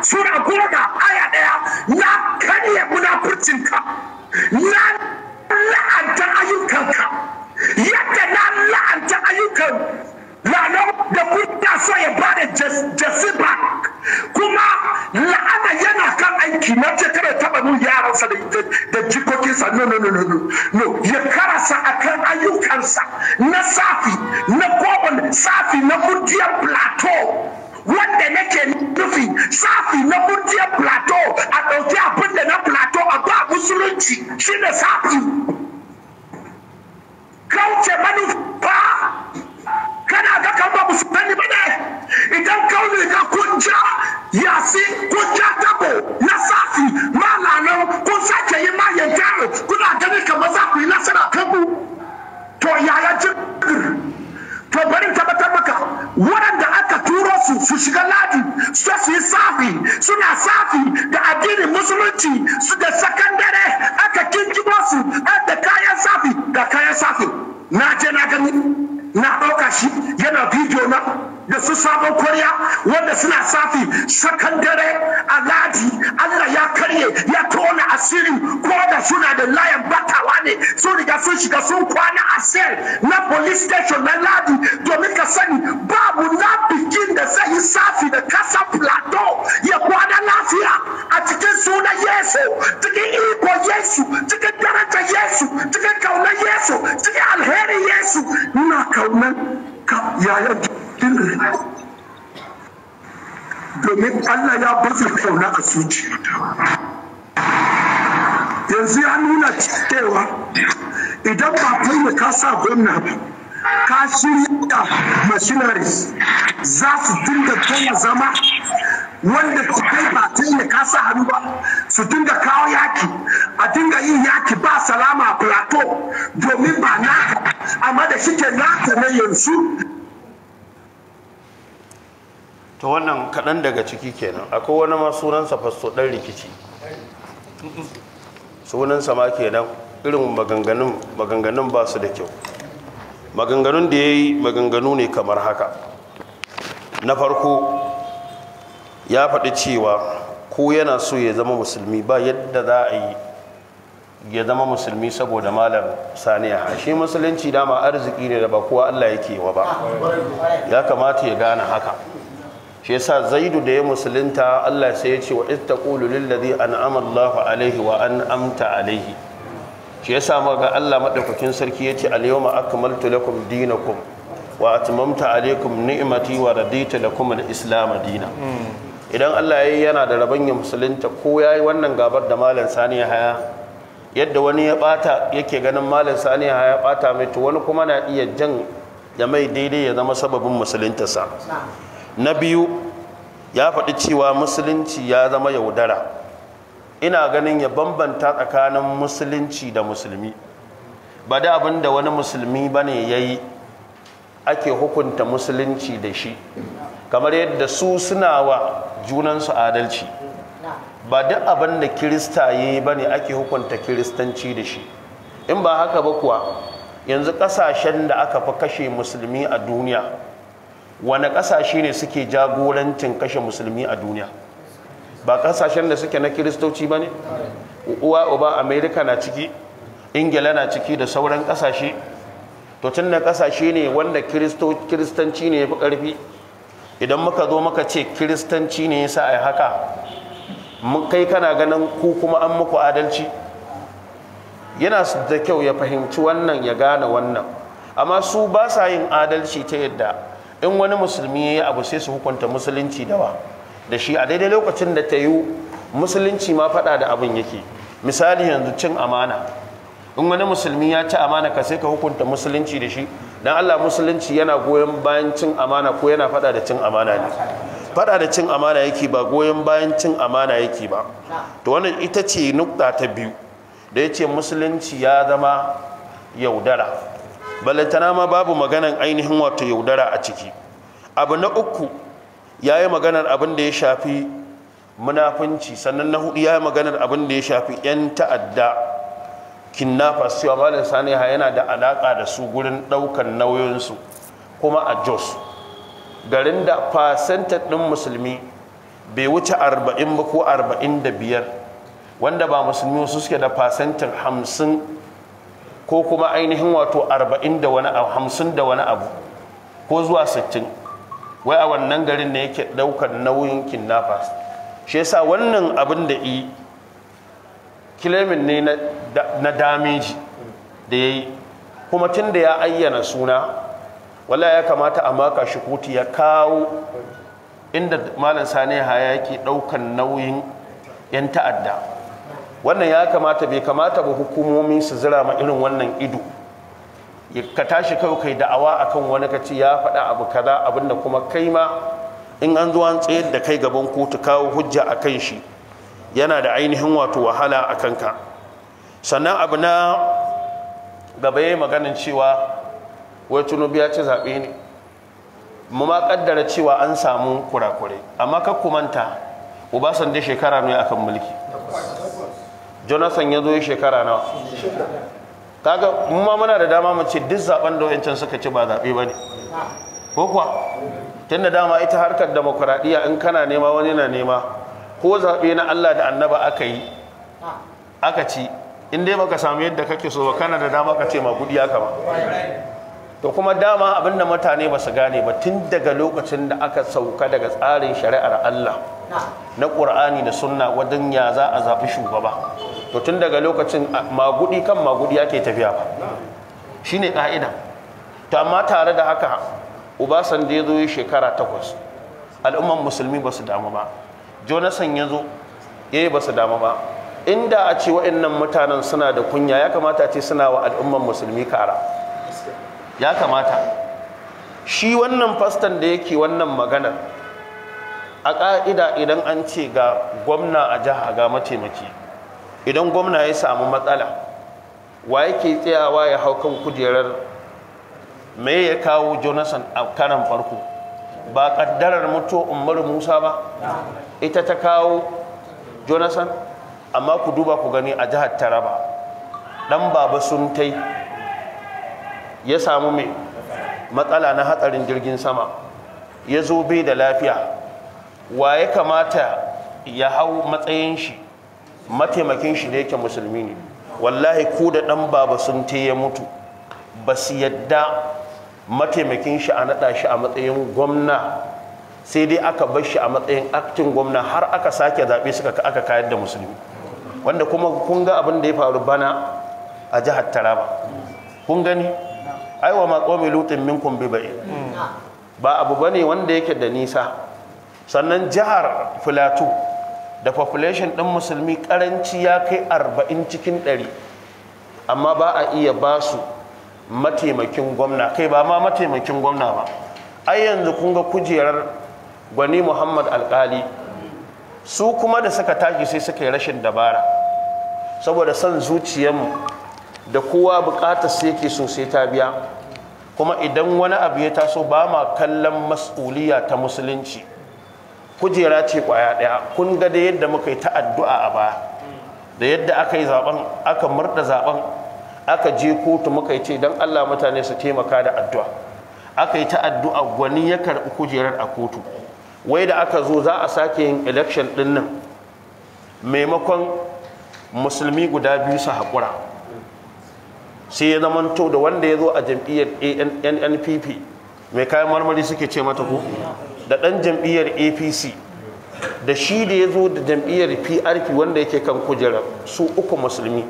kuma ga aya ɗaya na karya munafurcinka na la'anta ayyukanka yadda na la'anta ayyukan ranar da kuka so ya ba da jasiba kuma la'ana yana kan aiki na ce kada taba nun yaransa da jikokinsa no no no no no ya karasa akan ayyukansa na safi na kowane safi na mutiyar plateau wanda nake nufi safi na murtiyar plateau a ɗauki abin da na plateau a ba musulunci shi ne safi kauce manufa kana ga kan ba musulunci ba ne idan kauli ka kunja yasi kunja tabo na safi malalau kun sake yi mayan taro kuna gani kamar za ku yi nasara kan to yaya jirgin to bari tabbatar maka wani su shiga ladi su su yi safi suna safi da addinin musulunci su da sakandare aka kinkibo su da kayan safi da kayan safi na je na gani na ɗauka shi yana bidiyo na da su sabon koriya wanda suna safi sakan dare a ladi allah ya karye ya tona asiri ko da suna da layan batawa ne sun riga sun shiga sun kwana a sel na police station na ladi domin ka sani babu na bikin da zai yi safi da kasa plateau ya kwana lafiya a cikin sunan yesu cikin iko yesu cikin daraja yesu cikin kaunar yesu cikin alherin yesu na kaunar yayan domin Allah ya baza kauna a zuciyata yanzu ya nuna cewa idan ba kai ne ka sa gwamna ba ka shirya machineries za su dinga kai zama wanda kai ba ta da ka sa hannu ba su dinga kawo yaki a dinga yin yaki ba salama a plateau domin ba naka amma da shike naka na yanzu to wannan kaɗan daga ciki kenan akwai wani ma sunansa fasto ɗan rikici sunansa ma kenan irin maganganun ba su da kyau maganganun da ya yi maganganu ne kamar haka na farko ya faɗi cewa ko yana so ya zama musulmi ba yadda za a yi ya zama musulmi saboda malam saniya shi musulunci dama arziki ne da ba kowa allah yake wa ba ya kamata ya gane haka shi yasa zaidu da ya musulunta Allah sai ya ce wa ittaqulu lillazi an'ama Allahu alaihi wa an'amta alaihi shi yasa maga Allah madaukakin sarki yace al-yawma akmaltu lakum dinakum wa atmamtu alaikum ni'mati wa raditu lakum al-islam dina hmm. idan Allah yayi yana da rabon ya musulunta ko yayi wannan gabar da malam Sani Haya yadda wani ya bata yake ganin malam Sani Haya bata mai to wani kuma na iya jan da mai daidai ya zama sababin musuluntarsa na biyu ya faɗi cewa musulunci ya zama yaudara ina ganin ya bambanta tsakanin musulunci da musulmi ba da abin da wani musulmi ba ne ya yi ake hukunta musulunci da shi kamar yadda su suna wa junansu adalci ba da abin da kirista ya yi ba ne ake hukunta kiristanci da shi in ba haka ba kuwa yanzu ƙasashen da aka fi kashe musulmi a duniya wani kasashe ne suke jagorancin kashe musulmi a duniya ba ƙasashen da suke na kiristoci ba ne uwa uba amerika na ciki ingila na ciki da sauran kasashe to tun na ƙasashe ne wanda kiristanci ne ya fi ƙarfi idan muka zo muka ce kiristanci ne ya a haka kai kana ganin ku kuma an muku adalci yana da kyau ya fahimci wannan ya gane wannan amma su ba sa yin adalci ta yadda in wani musulmi ya yi abu sai su hukunta musulunci dawa da shi a daidai lokacin da ta yi musulunci ma fada da abin yake misali yanzu cin amana in wani musulmi ya ci amana ka sai ka hukunta musulunci da shi don Allah musulunci yana goyon bayan cin amana ko yana fada da cin amana ne fada da cin amana yake ba goyon bayan cin amana yake ba to wannan ita ce nukta ta biyu da ya ce musulunci ya zama yaudara balantana ma babu maganan ainihin wato yaudara a ciki abu na uku ya yi maganar abin da ya shafi munafunci sannan na hudu ya yi maganar abin da ya shafi 'yan ta'adda kinnafas cewa sani saniha yana da alaƙa da su gurin ɗaukar nauyinsu kuma a jos garin da fasantar ɗin musulmi bai wuce 40 ba ko 45 wanda ba musulmi wasu suke da fasantar hamsin. ko kuma ainihin wato arba'in da wani abu hamsin da wani abu ko zuwa sittin wai a wannan garin ne yake ɗaukar nauyin kidnappers shi yasa wannan abin da yi kilimin ne na dameji da ya yi kuma tun da ya ayyana suna wala ya kamata a maka shi kuti ya kawo inda malam sani haya yake ɗaukar nauyin 'yan ta'adda wannan ya kamata bai kamata ba hukumomi su zira ma irin wannan ido ka tashi kawai kai da'awa kan wani kaci ya faɗa abu kaza abinda kuma kai ma in an zo an tsayar da kai gaban kotu kawo hujja a kan shi yana da ainihin wato wahala a kanka sannan abu na gaba ya yi maganin cewa wai tuno ya ce zaɓe ne mu ma ƙaddara cewa an samu kurakurai amma kar ku manta shekara ne akan mulki jonathan ya zo ya shekara nawa kaga mu ma muna da dama mu duk zaben da wancan suka ci ba zaɓe ba ne. ko kuwa tun da dama ita harkar demokradiya in kana nema wani na nema ko zaɓe na Allah da annaba aka yi aka ci in dai baka samu yadda kake so ba kana da dama ka ce ma kudi aka ba to kuma dama abinda mutane ba su gane ba tun daga lokacin da aka sauka daga tsarin shari'ar Allah na Ƙur'ani da Sunna wajen ya za a zafi shugaba to tun daga lokacin magudi kan magudi ake tafiya ba Shi ne ka'ida to amma tare da haka ubasan da ya zo shekara takwas al'umman musulmi ba su damu ba jonathan ya zo ya eh, yi ba su damu ba inda a ce wa'annan mutanen suna da kunya ya kamata ce suna wa al'umman musulmi kara ya kamata shi wannan fastan da yake wannan maganar a ƙa'ida idan an ce ga gwamna a jiha ga mataimaki idan gwamna ya samu matsala wa yake tsayawa ya hau kan kujerar me ya kawo jonathan a karan farko ba kaddarar mutu umar musa ba ita ta kawo jonathan amma ku duba ku gani a jihar taraba dan baba sun tai ya samu mai matsala na hatsarin jirgin sama ya zo bai da lafiya wa ya kamata ya hau matsayin shi mataimakin shi da yake musulmi ne wallahi ko da dan baba sun te ya mutu ba su yadda mataimakin shi a naɗa shi a matsayin gwamna sai dai aka bar shi a matsayin aktin gwamna har aka sake zaɓe suka aka kayar da musulmi wanda kuma kun ga abin da ya faru bana a jihar taraba kun gani aiwa ma tsomi lutin kun bi bai hmm. ba abu bane wanda yake da nisa sannan jihar filato da population ɗin musulmi ƙaranci ya kai arba'in cikin ɗari amma ba a iya ba su mataimakin gwamna kai ba ma mataimakin gwamna ba ai yanzu kun ga kujerar gwani muhammad alƙali su kuma da suka tashi sai suka yi rashin dabara saboda son zuciyarmu da kowa buƙatar sai yake so sai ta biya kuma idan wani abu ya taso ba ma kallon mas'uliya ta musulunci kujera ce kwaya daya kun ga da yadda muka yi ta'addu'a a baya da yadda aka yi zaben aka murda zaben aka je kotu muka yi ce dan Allah mutane su taimaka da addu'a aka yi ta'addu'a addu'a gwani ya karbi kujerar a kotu wai da aka zo za a sake yin election din nan maimakon musulmi guda biyu su haƙura sai ya zamanto da wanda ya zo a jam'iyyar NNPP mai kayan marmari suke ce mata ko da ɗan jam'iyyar apc da shi da ya zo da jam'iyyar prp wanda yake kan kujera su uku musulmi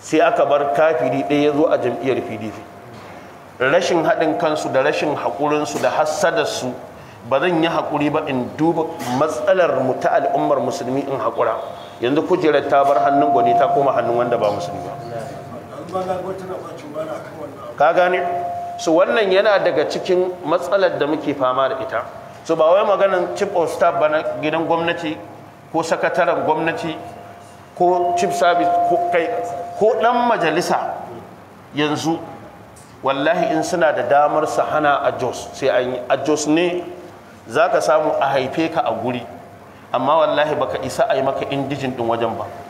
sai aka bar kafiri ɗaya ya zo a jam'iyyar pdp rashin haɗin kansu da rashin haƙurinsu da hassadarsu ba zan yi haƙuri ba in duba matsalar mu ta al'ummar musulmi in haƙura yanzu kujerar ta bar hannun gwani ta koma hannun wanda ba musulmi ba ka gane so wannan yana daga cikin matsalar da muke fama da ita so ba wai maganin chief of staff ba na gidan gwamnati ko sakataren gwamnati ko chief service ko kai ko dan majalisa yanzu wallahi in suna da damar su hana a jos sai an yi a jos ne za ka samu a haife ka a guri amma wallahi baka isa a yi maka indijin din wajen ba